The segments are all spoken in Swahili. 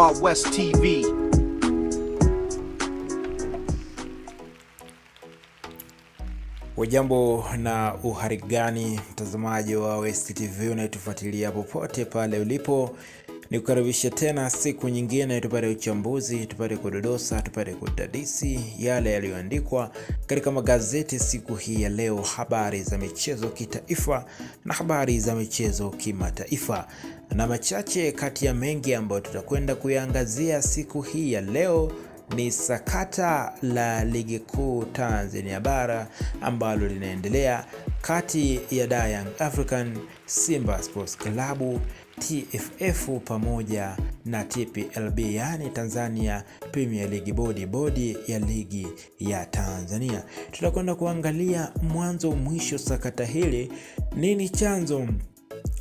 Wild West TV. Ujambo na uharigani, mtazamaji wa West TV unayetufuatilia popote pale ulipo ni tena siku nyingine, tupate uchambuzi, tupate kudodosa, tupate kudadisi yale yaliyoandikwa katika magazeti siku hii ya leo, habari za michezo kitaifa na habari za michezo kimataifa, na machache kati ya mengi ambayo tutakwenda kuyaangazia siku hii ya leo ni sakata la ligi kuu Tanzania bara ambalo linaendelea kati ya Young African Simba Sports Club TFF pamoja na TPLB yaani Tanzania Premier League Board, bodi ya ligi ya Tanzania. Tutakwenda kuangalia mwanzo mwisho sakata hili, nini chanzo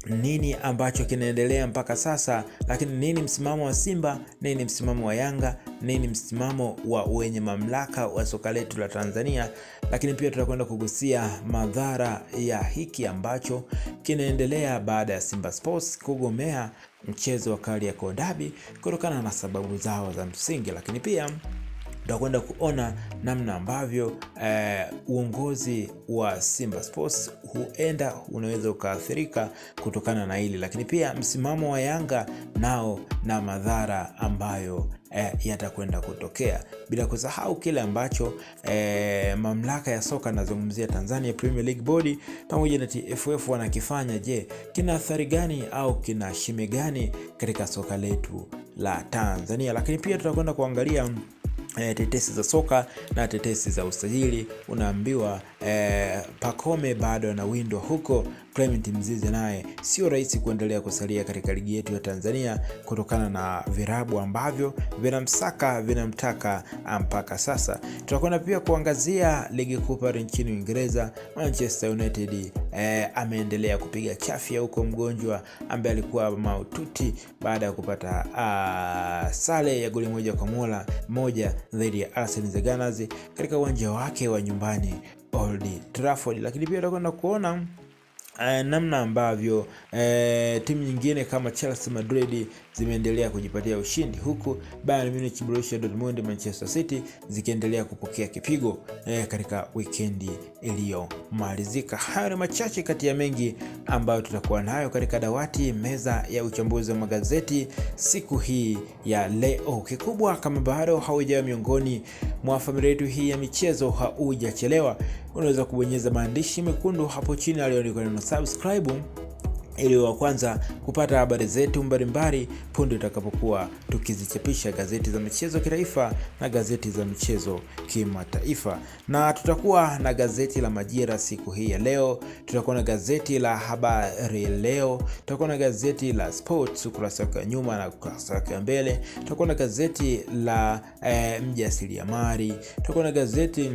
nini ambacho kinaendelea mpaka sasa, lakini nini msimamo wa Simba, nini msimamo wa Yanga, nini msimamo wa wenye mamlaka wa soka letu la Tanzania. Lakini pia tutakwenda kugusia madhara ya hiki ambacho kinaendelea baada ya Simba Sports kugomea mchezo wa Kariakoo Derby kutokana na sababu zao za msingi, lakini pia tutakwenda kuona namna ambavyo eh, uongozi wa Simba Sports huenda unaweza ukaathirika kutokana na hili, lakini pia msimamo wa Yanga nao na madhara ambayo eh, yatakwenda kutokea, bila kusahau kile ambacho eh, mamlaka ya soka anazungumzia Tanzania Premier League Board pamoja na TFF wanakifanya. Je, kina athari gani au kina shime gani katika soka letu la Tanzania? Lakini pia tutakwenda kuangalia Eh, tetesi za soka na tetesi za usajili, unaambiwa eh, pakome bado anawindwa huko. Clement mzizi naye sio rahisi kuendelea kusalia katika ligi yetu ya Tanzania kutokana na virabu ambavyo vinamsaka vinamtaka mpaka sasa. Tutakwenda pia kuangazia ligi kuu nchini Uingereza. Manchester United eh, ameendelea kupiga chafya huko, mgonjwa ambaye alikuwa maututi baada ya kupata uh, ah, sale ya goli moja kwa mola moja dhidi ya Arsenal Gunners katika uwanja wake wa nyumbani Old Trafford, lakini pia utakwenda kuona Eh, namna ambavyo eh, timu nyingine kama Chelsea, Madrid zimeendelea kujipatia ushindi huku Bayern Munich, Borussia Dortmund, Manchester City zikiendelea kupokea kipigo eh, katika wikendi iliyomalizika. Hayo ni machache kati ya mengi ambayo tutakuwa nayo katika dawati meza ya uchambuzi wa magazeti siku hii ya leo. Kikubwa, kama bado haujawa miongoni mwa familia yetu hii ya michezo, haujachelewa unaweza kubonyeza maandishi mekundu hapo chini aliyoandikwa neno subscribe ili wa kwanza kupata habari zetu mbalimbali punde utakapokuwa tukizichapisha gazeti za michezo kitaifa na gazeti za michezo kimataifa. Na tutakuwa na gazeti la Majira siku hii ya leo, tutakuwa na gazeti la Habari Leo, tutakuwa na gazeti la Sports ukurasa wake wa nyuma na ukurasa wake wa mbele, tutakuwa na gazeti la eh, Mjasiriamali, tutakuwa na gazeti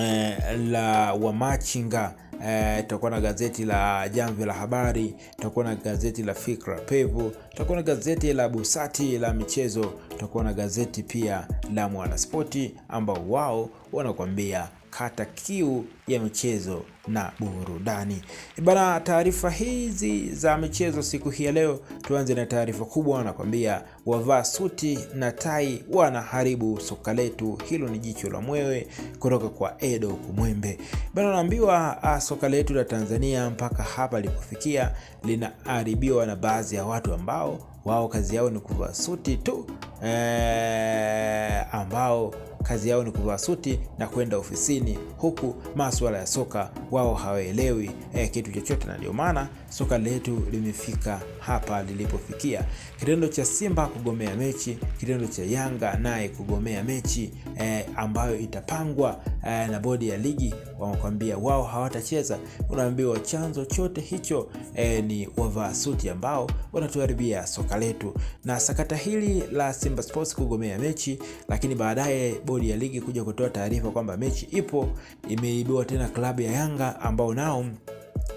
Eh, la wamachinga eh, tutakuwa na gazeti la Jamvi la Habari, tutakuwa na gazeti la Fikra Pevu, tutakuwa na gazeti la Busati la michezo, tutakuwa na gazeti pia la Mwanaspoti ambao wao wanakuambia kata kiu ya michezo na burudani. E bana, taarifa hizi za michezo siku hii ya leo, tuanze na taarifa kubwa. Wanakwambia wavaa suti na tai wanaharibu soka letu. Hilo ni jicho la mwewe kutoka kwa Edo Kumwembe. E bana, naambiwa soka letu la Tanzania mpaka hapa lilipofikia linaharibiwa na baadhi ya watu ambao wao kazi yao ni kuvaa suti tu ee, ambao kazi yao ni kuvaa suti na kwenda ofisini, huku masuala ya soka wao hawaelewi eh, kitu chochote, na ndio maana soka letu limefika hapa lilipofikia. Kitendo cha Simba kugomea mechi, kitendo cha Yanga naye kugomea mechi eh, ambayo itapangwa eh, na bodi ya ligi, wamekwambia wao hawatacheza. Unaambiwa chanzo chote hicho eh, ni wavaa suti ambao wanatuharibia soka letu, na sakata hili la Simba Sports kugomea mechi, lakini baadaye bodi bodi ya ligi kuja kutoa taarifa kwamba mechi ipo imeibiwa tena klabu ya Yanga ambao nao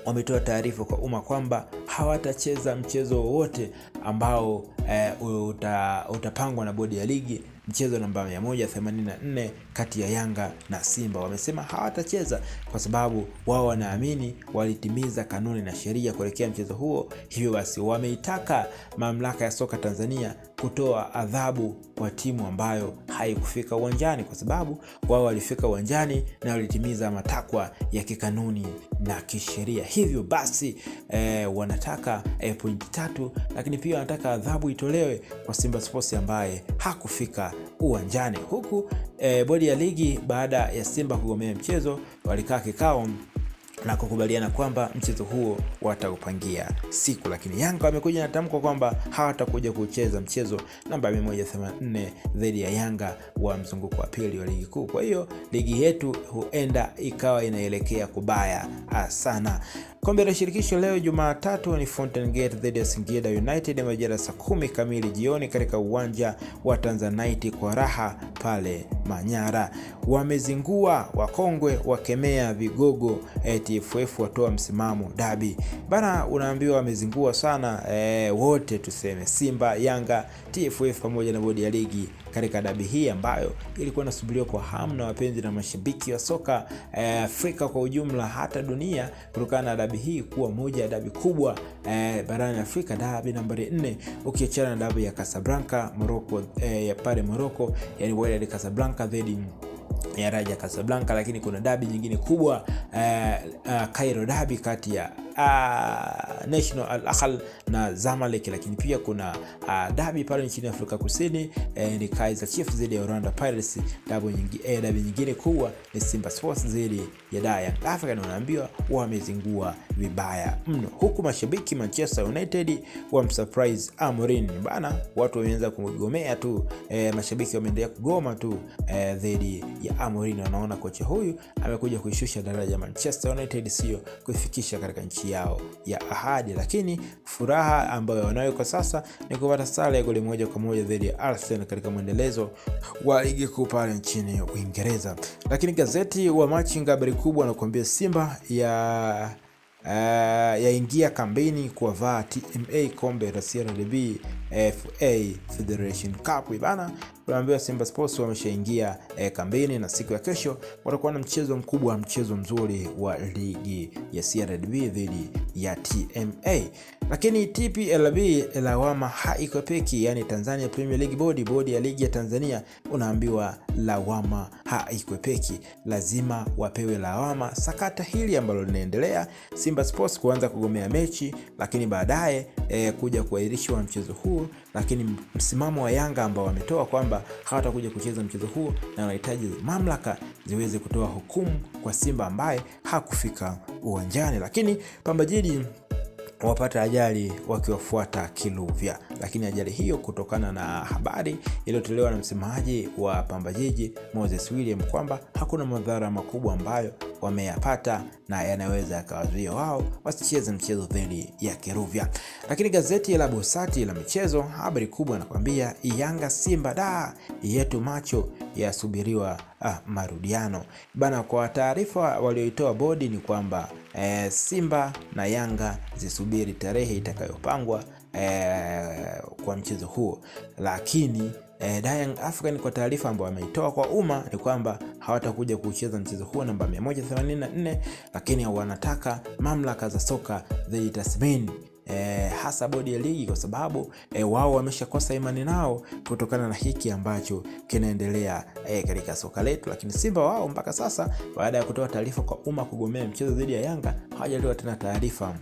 wametoa taarifa kwa umma kwamba hawatacheza mchezo wowote ambao e, uta, utapangwa na bodi ya ligi mchezo namba 184 kati ya Yanga na Simba. Wamesema hawatacheza kwa sababu wao wanaamini walitimiza kanuni na sheria kuelekea mchezo huo. Hivyo basi, wameitaka mamlaka ya soka Tanzania kutoa adhabu kwa timu ambayo haikufika uwanjani, kwa sababu wao walifika uwanjani na walitimiza matakwa ya kikanuni na kisheria. Hivyo basi eh, wanataka eh, pointi tatu, lakini pia wanataka adhabu itolewe kwa Simba Sports ambaye hakufika uwanjani, huku e, bodi ya ligi baada ya Simba kugomea mchezo walikaa kikao na kukubaliana kwamba mchezo huo wataupangia siku, lakini Yanga wamekuja na tamko kwamba hawatakuja kucheza mchezo namba 184 dhidi ya Yanga wa mzunguko wa pili wa ligi kuu. Kwa hiyo ligi yetu huenda ikawa inaelekea kubaya sana. Kombe la shirikisho leo Jumatatu ni Fountain Gate dhidi ya Singida United majira saa kumi kamili jioni katika uwanja wa Tanzanite kwa raha pale Manyara. Wamezingua wakongwe, wakemea vigogo. TFF watoa msimamo dabi bana, unaambiwa wamezingua sana e, wote tuseme Simba, Yanga, TFF pamoja na bodi ya ligi katika dabi hii ambayo ilikuwa inasubiriwa kwa hamu na wapenzi na mashabiki wa soka eh, Afrika kwa ujumla, hata dunia, kutokana na dabi hii kuwa moja ya dabi kubwa eh, barani Afrika, dabi nambari 4 ukiachana na dabi ya Casablanca Morocco, eh, ya pale Morocco, yani Wydad Casablanca dhidi ya Raja Casablanca, lakini kuna dabi nyingine kubwa eh, eh, Cairo dabi kati ya uh, National Al Ahly na Zamalek, lakini pia kuna uh, ah, dabi pale nchini Afrika Kusini eh, ni kaiza chief zidi ya rwanda Pirates. Dabi eh, nyingine, eh, nyingine kuwa ni Simba Sports zidi ya Dar Young Africans, wanaambiwa wamezingua vibaya mno, huku mashabiki Manchester United wamsurprise amorin bana. Watu wameanza kugomea tu eh, mashabiki wameendelea kugoma tu eh, dhidi ya amorin wanaona kocha huyu amekuja kuishusha daraja Manchester United, sio kuifikisha katika nchi nchi yao ya ahadi, lakini furaha ambayo wanayo kwa sasa ni kupata sare ya goli moja kwa moja dhidi ya Arsenal katika mwendelezo wa ligi kuu pale nchini Uingereza. Lakini gazeti wa machinga habari kubwa anakuambia Simba ya Uh, yaingia kambini kuwavaa TMA kombe la CRDB FA Federation Cup bana, tunaambiwa Simba Sports wameshaingia eh, kambini na siku ya kesho watakuwa na mchezo mkubwa, mchezo mzuri wa ligi ya CRDB dhidi ya TMA. Lakini TPLB lawama haikopeki, yani Tanzania Premier League Board, bodi ya ligi ya Tanzania, unaambiwa lawama haikwepeki, lazima wapewe lawama. Sakata hili ambalo linaendelea Simba Sports kuanza kugomea mechi, lakini baadaye eh, kuja kuahirishwa mchezo huu huu, lakini msimamo wa Yanga ambao wametoa kwamba hawatakuja kucheza mchezo huo na wanahitaji mamlaka ziweze kutoa hukumu kwa Simba ambaye hakufika uwanjani, lakini Pamba Jiji wapata ajali wakiwafuata Kiluvya, lakini ajali hiyo kutokana na habari iliyotolewa na msemaji wa Pamba Jiji Moses William kwamba hakuna madhara makubwa ambayo wameyapata na yanaweza yakawazuia wao wasicheze mchezo dhidi ya kiruvya Lakini gazeti la Bosati la michezo, habari kubwa anakuambia Yanga Simba da yetu macho yasubiriwa ah, marudiano bana. Kwa taarifa walioitoa bodi ni kwamba e, Simba na Yanga zisubiri tarehe itakayopangwa e, kwa mchezo huo, lakini e, Young African kwa taarifa ambayo wameitoa kwa umma ni kwamba hawatakuja kucheza mchezo huo namba 184, lakini wanataka mamlaka za soka zijitathmini e, hasa bodi ya ligi kwa sababu e, wao wameshakosa imani nao kutokana na hiki ambacho kinaendelea e, katika soka letu. Lakini Simba wao mpaka sasa, baada ya kutoa taarifa kwa umma kugomea mchezo dhidi ya Yanga, hawajatoa tena taarifa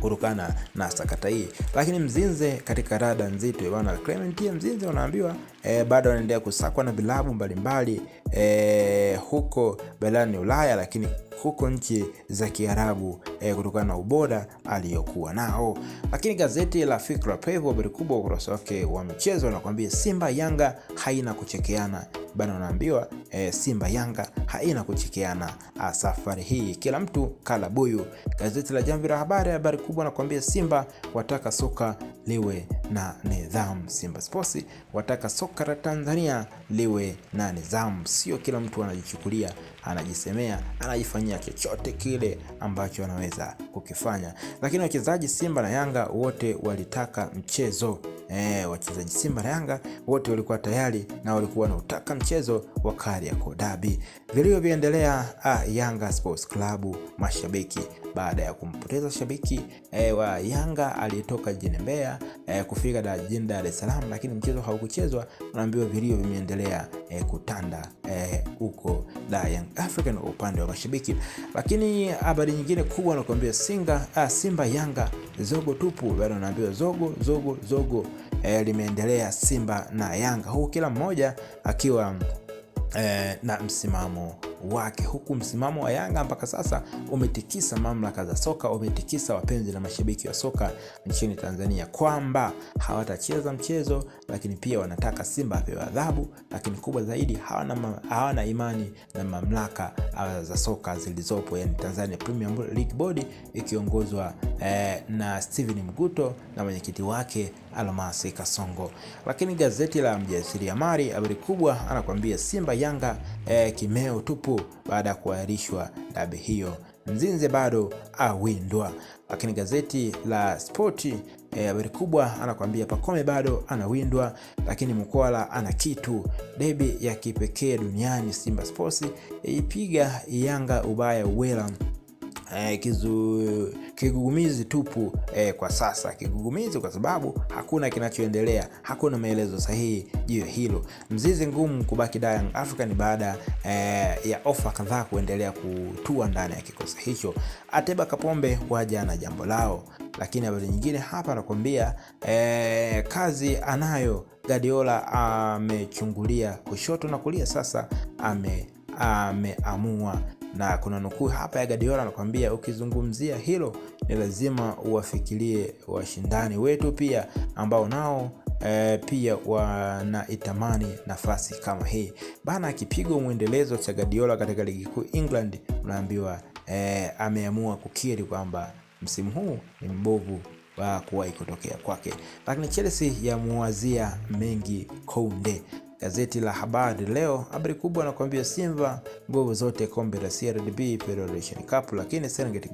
kutokana na sakata hii. Lakini Mzinze katika rada nzito bwana Clement Mzinze, unaambiwa e, bado wanaendelea kusakwa na vilabu mbalimbali e, huko barani Ulaya, lakini huko nchi za Kiarabu e, kutokana na ubora aliyokuwa nao. Lakini gazeti la Fikra Pevo, habari kubwa ukurasa wake wa michezo, anakuambia Simba Yanga haina kuchekeana bana, wanaambiwa e, Simba Yanga haina kuchekeana ah, safari hii, kila mtu kala buyu. Gazeti la Jamvi la Habari, habari kubwa nakuambia Simba wataka soka liwe na nidhamu. Simba Sports wataka soka la Tanzania liwe na nidhamu, sio kila mtu anajichukulia, anajisemea, anajifanyia chochote kile ambacho anaweza kukifanya. Lakini wachezaji Simba na Yanga wote walitaka mchezo. eh, wachezaji Simba na Yanga wote walikuwa tayari na walikuwa wanautaka mchezo wa Kariakoo Derby. Vilivyoendelea, ah, Yanga Sports Club mashabiki baada ya kumpoteza shabiki e, wa Yanga aliyetoka jijini Mbeya e, kufika da jijini Dar es Salaam, lakini mchezo haukuchezwa. Unaambiwa vilio vimeendelea e, kutanda huko e, da Young African upande wa mashabiki. Lakini habari nyingine kubwa nakuambia Singa ah, Simba Yanga zogo tupu, bado naambiwa zogo zogo zogo e, limeendelea Simba na Yanga, huku kila mmoja akiwa e, na msimamo wake, huku msimamo wa Yanga mpaka sasa umetikisa mamlaka za soka, umetikisa wapenzi na mashabiki wa soka nchini Tanzania kwamba hawatacheza mchezo, lakini pia wanataka Simba apewe adhabu, lakini kubwa zaidi hawana, hawana imani na mamlaka ah, za soka zilizopo, yani Tanzania Premier League Board ikiongozwa eh, na Steven Mguto na mwenyekiti wake Almasi Kasongo. Lakini gazeti la Mjasiriamali habari kubwa anakuambia Simba Yanga eh, kimeo tupu baada ya kuahirishwa dabi hiyo, Mzinze bado awindwa. Lakini gazeti la Spoti eh, habari e, kubwa anakuambia Pacome bado anawindwa, lakini Mkwala ana kitu. Debi ya kipekee duniani Simba Sports yaipiga Yanga ubaya Uwela eh, kizu, kigugumizi tupu eh, kwa sasa kigugumizi, kwa sababu hakuna kinachoendelea, hakuna maelezo sahihi juu hilo. Mzizi ngumu kubaki Dar Young African baada eh, ya ofa kadhaa kuendelea kutua ndani ya kikosi hicho. Ateba Kapombe waja na jambo lao, lakini habari nyingine hapa nakwambia, eh, kazi anayo gadiola amechungulia kushoto na kulia, sasa ame ameamua na kuna nukuu hapa ya gadiola anakwambia, ukizungumzia hilo ni lazima uwafikirie washindani wetu pia ambao nao e, pia wanaitamani nafasi kama hii bana. Kipigo mwendelezo cha gadiola katika ligi kuu England, unaambiwa e, ameamua kukiri kwamba msimu huu ni mbovu wa kuwahi kutokea kwake, lakini Chelsea yamuwazia mengi Kounde Gazeti la Habari Leo, habari kubwa nakuambia, Simba nguvu zote kombe la CRDB Federation Cup, lakini Serengeti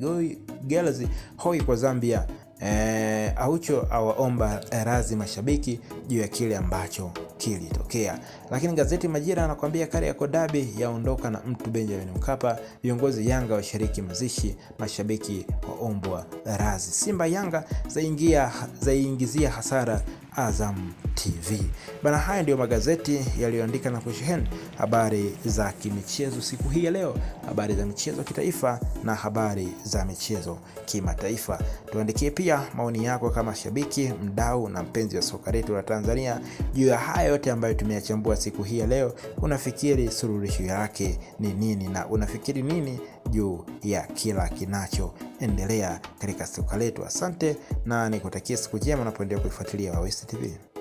Girls hoi kwa Zambia. E, Aucho awaomba razi mashabiki juu ya kile ambacho kilitokea. Lakini gazeti Majira anakuambia Kariakoo dabi yaondoka na mtu Benjamin Mkapa, viongozi Yanga washiriki mazishi, mashabiki waombwa razi Simba Yanga zaingia zaingizia hasara Azam TV bana. Haya ndiyo magazeti yaliyoandika na kusheheni habari za kimichezo siku hii ya leo, habari za michezo kitaifa na habari za michezo kimataifa. Tuandikie pia maoni yako kama shabiki, mdau na mpenzi wa soka letu la Tanzania juu ya haya yote ambayo tumeyachambua siku hii ya leo. Unafikiri suluhisho yake ni nini na unafikiri nini juu ya kila kinachoendelea katika soka letu. Asante na nikutakia siku njema unapoendelea kuifuatilia Wawese TV.